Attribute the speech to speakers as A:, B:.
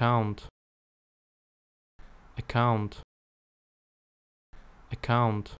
A: account account account